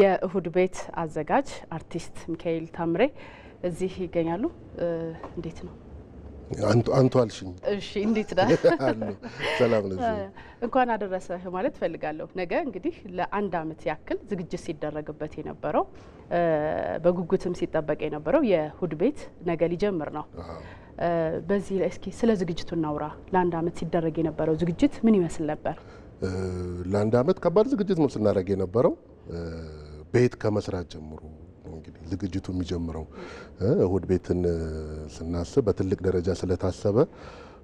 የእሁድ ቤት አዘጋጅ አርቲስት ሚካኤል ታምሬ እዚህ ይገኛሉ። እንዴት ነው? አንቱ አልሽኝ። እሺ፣ እንዴት ነህ? ሰላም ነው። እንኳን አደረሰህ ማለት ፈልጋለሁ። ነገ እንግዲህ ለአንድ አመት ያክል ዝግጅት ሲደረግበት የነበረው በጉጉትም ሲጠበቅ የነበረው የእሁድ ቤት ነገ ሊጀምር ነው። በዚህ ላይ እስኪ ስለ ዝግጅቱ እናውራ። ለአንድ አመት ሲደረግ የነበረው ዝግጅት ምን ይመስል ነበር? ለአንድ አመት ከባድ ዝግጅት ነው ስናደርግ የነበረው ቤት ከመስራት ጀምሮ እንግዲህ ዝግጅቱ የሚጀምረው እሁድ ቤትን ስናስብ በትልቅ ደረጃ ስለታሰበ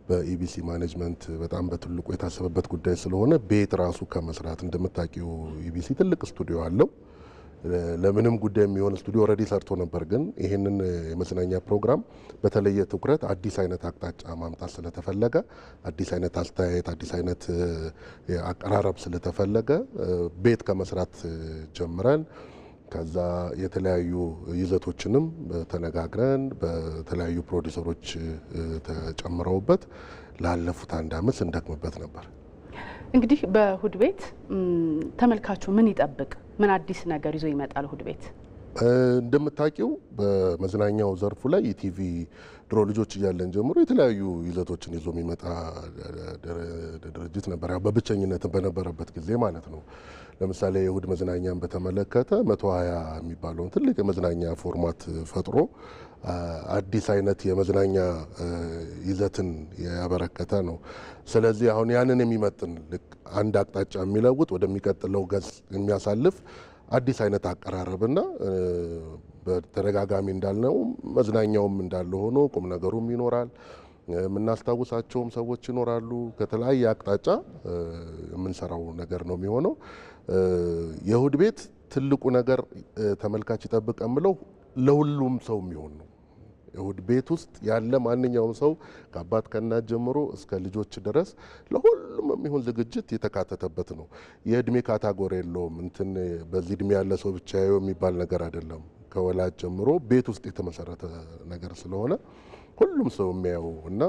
በኢቢሲ ማኔጅመንት በጣም በትልቁ የታሰበበት ጉዳይ ስለሆነ ቤት ራሱ ከመስራት እንደምታውቂው ኢቢሲ ትልቅ ስቱዲዮ አለው። ለምንም ጉዳይ የሚሆን ስቱዲዮ ረዲ ሰርቶ ነበር። ግን ይህንን የመዝናኛ ፕሮግራም በተለየ ትኩረት አዲስ አይነት አቅጣጫ ማምጣት ስለተፈለገ አዲስ አይነት አስተያየት፣ አዲስ አይነት አቀራረብ ስለተፈለገ ቤት ከመስራት ጀምረን ከዛ የተለያዩ ይዘቶችንም ተነጋግረን በተለያዩ ፕሮዲሰሮች ተጨምረውበት ላለፉት አንድ አመት ስንደክምበት ነበር። እንግዲህ በእሁድ ቤት ተመልካቹ ምን ይጠብቅ? ምን አዲስ ነገር ይዞ ይመጣል እሁድ ቤት? እንደምታውቂው በመዝናኛው ዘርፉ ላይ ኢቲቪ ድሮ ልጆች እያለን ጀምሮ የተለያዩ ይዘቶችን ይዞ የሚመጣ ድርጅት ነበር። ያው በብቸኝነት በነበረበት ጊዜ ማለት ነው። ለምሳሌ የእሁድ መዝናኛን በተመለከተ መቶ ሀያ የሚባለውን ትልቅ የመዝናኛ ፎርማት ፈጥሮ አዲስ አይነት የመዝናኛ ይዘትን ያበረከተ ነው። ስለዚህ አሁን ያንን የሚመጥን አንድ አቅጣጫ የሚለውጥ ወደሚቀጥለው ገጽ የሚያሳልፍ አዲስ አይነት አቀራረብና በተደጋጋሚ እንዳልነው መዝናኛውም እንዳለ ሆኖ ቁም ነገሩም ይኖራል። የምናስታውሳቸውም ሰዎች ይኖራሉ። ከተለያየ አቅጣጫ የምንሰራው ነገር ነው የሚሆነው። የእሁድ ቤት ትልቁ ነገር ተመልካች ይጠብቅ ብለው ለሁሉም ሰው የሚሆን ነው። እሁድ ቤት ውስጥ ያለ ማንኛውም ሰው ከአባት ከእናት ጀምሮ እስከ ልጆች ድረስ ለሁሉም የሚሆን ዝግጅት የተካተተበት ነው። የእድሜ ካታጎሪ የለውም። እንትን በዚህ እድሜ ያለ ሰው ብቻ የው የሚባል ነገር አይደለም። ከወላጅ ጀምሮ ቤት ውስጥ የተመሰረተ ነገር ስለሆነ ሁሉም ሰው የሚያየው እና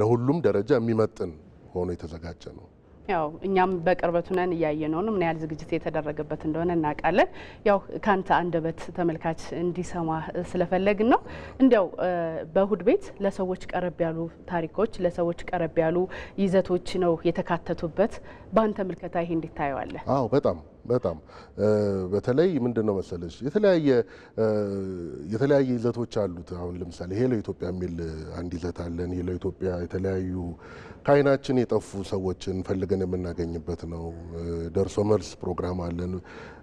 ለሁሉም ደረጃ የሚመጥን ሆኖ የተዘጋጀ ነው። ያው እኛም በቅርበቱ ነን እያየነው ነው። ምን ያህል ዝግጅት የተደረገበት እንደሆነ እናውቃለን። ያው ካንተ አንደበት ተመልካች እንዲሰማ ስለፈለግን ነው። እንዲያው በእሁድ ቤት ለሰዎች ቀረብ ያሉ ታሪኮች፣ ለሰዎች ቀረብ ያሉ ይዘቶች ነው የተካተቱበት። በአንተ ምልከታ ይሄ እንዲታየዋለን? አዎ በጣም በጣም በተለይ ምንድን ነው መሰለሽ የተለያየ የተለያየ ይዘቶች አሉት። አሁን ለምሳሌ ሄሎ ኢትዮጵያ የሚል አንድ ይዘት አለን። ሄሎ ኢትዮጵያ የተለያዩ ከአይናችን የጠፉ ሰዎችን ፈልገን የምናገኝበት ነው። ደርሶ መልስ ፕሮግራም አለን።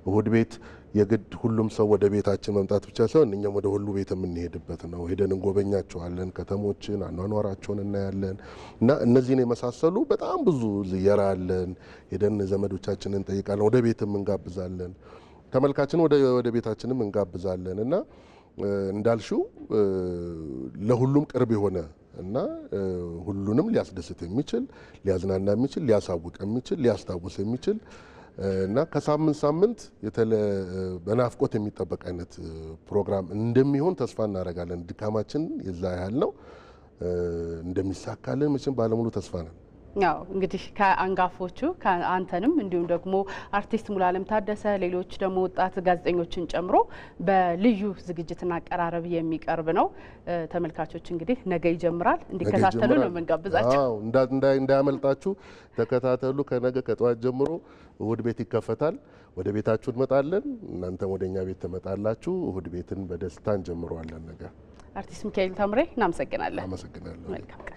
እሁድ ቤት የግድ ሁሉም ሰው ወደ ቤታችን መምጣት ብቻ ሳይሆን እኛም ወደ ሁሉ ቤት የምንሄድበት ነው። ሄደን እንጎበኛቸዋለን፣ ከተሞችን፣ አኗኗራቸውን እናያለን እና እነዚህን የመሳሰሉ በጣም ብዙ ዝየራ አለን። ሄደን ዘመዶቻችንን እንጠይቃለን፣ ወደ ቤትም እንጋብዛለን፣ ተመልካችን ወደ ቤታችንም እንጋብዛለን እና እንዳልሽው ለሁሉም ቅርብ የሆነ እና ሁሉንም ሊያስደስት የሚችል ሊያዝናና የሚችል ሊያሳውቅ የሚችል ሊያስታውስ የሚችል እና ከሳምንት ሳምንት በናፍቆት የሚጠበቅ አይነት ፕሮግራም እንደሚሆን ተስፋ እናደርጋለን። ድካማችን የዛ ያህል ነው። እንደሚሳካልን መቼም ባለሙሉ ተስፋ ነን። ያው እንግዲህ ከአንጋፎቹ ከአንተንም እንዲሁም ደግሞ አርቲስት ሙሉዓለም ታደሰ ሌሎች ደግሞ ወጣት ጋዜጠኞችን ጨምሮ በልዩ ዝግጅትና አቀራረብ የሚቀርብ ነው። ተመልካቾች እንግዲህ ነገ ይጀምራል፣ እንዲከታተሉ ነው የምንጋብዛቸው። እንዳያመልጣችሁ ተከታተሉ። ከነገ ከጠዋት ጀምሮ እሁድ ቤት ይከፈታል። ወደ ቤታችሁ እንመጣለን፣ እናንተም ወደ እኛ ቤት ትመጣላችሁ። እሁድ ቤትን በደስታ እንጀምረዋለን። ነገ አርቲስት ሚካኤል ታምሬ እናመሰግናለን። አመሰግናለሁ። መልካም ቀን